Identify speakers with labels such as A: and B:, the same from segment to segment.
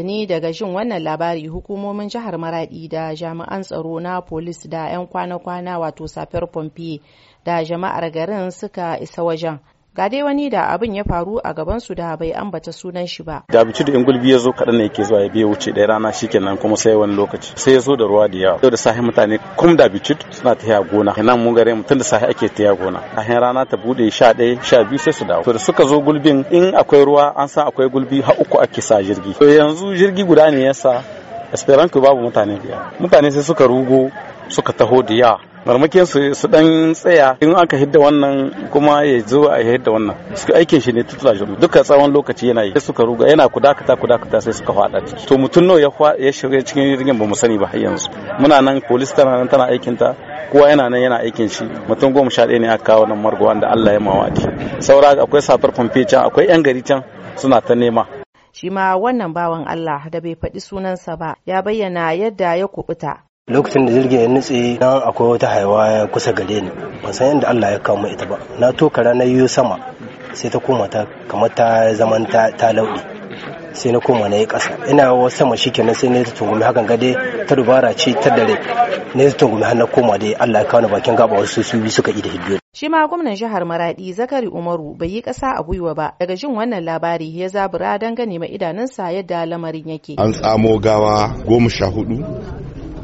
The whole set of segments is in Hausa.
A: Tuni daga jin wannan labari hukumomin jihar Maradi da jami'an tsaro na polis da 'yan kwana-kwana wato safiyar pompey da jama'ar garin suka isa wajen. ga dai wani da abin ya faru a gaban su da bai ambata sunan shi ba
B: da in da ingulbi ya zo kaɗan ne yake zuwa ya biya wuce ɗaya rana shikenan kuma sai wani lokaci sai ya zo da ruwa da yawa yau da sahi mutane kum da bici suna tafiya gona nan mun gare mu da sahi ake tafiya gona a rana ta bude sha ɗaya sha biyu sai su dawo to da suka zo gulbin in akwai ruwa an san akwai gulbi har uku ake sa jirgi to yanzu jirgi guda ne yasa esperanto babu mutane biya mutane sai suka rugo suka taho da yawa marmakin su su dan tsaya in aka hidda wannan kuma ya zo a hidda wannan suka aikin shi ne tutula jiru duka tsawon lokaci yana yi suka ruga yana kudakata kudakata sai suka fada ciki to mutum nawa ya shiga cikin jirgin ba mu sani ba har yanzu muna nan police tana nan tana aikin ta kowa yana nan yana aikin shi mutum goma sha ɗaya ne aka kawo nan margo wanda Allah ya mawaki saura akwai safar fanfe can akwai yan gari can suna ta nema
A: shima wannan bawan Allah da bai faɗi sunansa ba ya bayyana yadda ya kubuta
C: lokacin da jirgin ya nutse nan akwai wata haiwa kusa gare ni ban san yadda Allah ya kawo ita ba na toka rana yiwu sama sai ta koma ta kamar ta zaman ta lauɗe sai na koma na yi ƙasa ina wasu sama shi kenan sai na ta tungumi hakan gade ta dubara ce ta dare na ta tungumi har na koma dai Allah ya kawo bakin gaba wasu su biyu suka yi da hidiyo.
A: shi ma gwamnan jihar maraɗi zakari umaru bai yi ƙasa a gwiwa ba daga jin wannan labari ya zabura don gane ma idanunsa yadda lamarin yake an tsamo
D: gawa goma sha hudu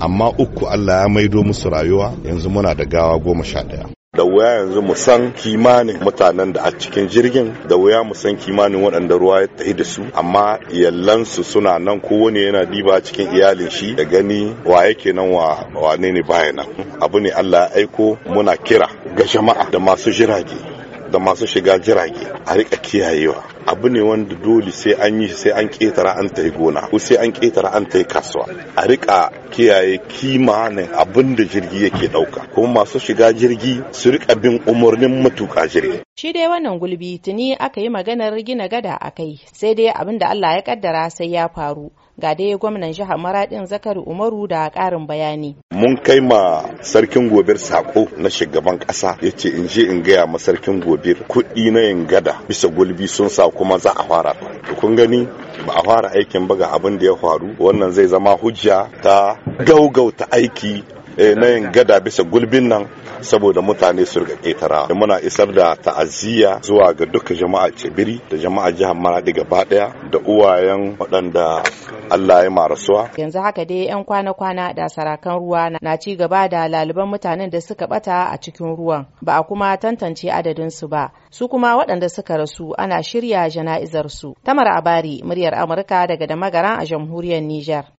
D: amma uku Allah ya maido musu rayuwa yanzu muna da gawa goma sha ɗaya. da wuya yanzu mu san kimanin mutanen da a cikin jirgin da wuya mu san kimanin waɗanda ruwa ya tafi da su amma yallansu suna nan kowane yana diba cikin iyalin shi da gani wa yake nan wa wane ne baya abu ne Allah ya aiko muna kira ga jama'a da masu jirage da masu shiga jirage a rika kiyayewa abu ne wanda dole sai an yi sai an ketara an yi gona ko sai an ketara an yi kasuwa a rika kiyaye kima ne abin da jirgi yake dauka kuma masu shiga jirgi su rika bin umarnin matuka jirgi
A: shi dai wannan gulbi tuni aka yi maganar gina gada a kai sai dai abin da Allah ya kaddara sai ya faru ga dai gwamnan jihar maradin zakari umaru da karin bayani
D: mun kai ma sarkin gobir sako na shugaban kasa ya ce in je in gaya ma sarkin gobir kuɗi na yin gada bisa gulbi sun sa kuma za a fara to kun gani ba a fara aikin ba ga abin da ya faru wannan zai zama hujja ta gaugauta aiki Eh, na yin gada bisa gulbin nan saboda mutane su riga ƙetara muna isar da ta'aziyya zuwa ga duka jama'a cibiri da jama'a jihar maradi gaba daya da uwayen waɗanda Allah ya marasuwa
A: yanzu haka dai yan kwana-kwana da sarakan ruwa na ci gaba da laliban mutanen da suka bata a cikin ruwan ba a kuma tantance adadin su ba su kuma waɗanda suka rasu ana shirya jana'izar su tamar abari muryar amurka daga da magaran a jamhuriyar Nijar.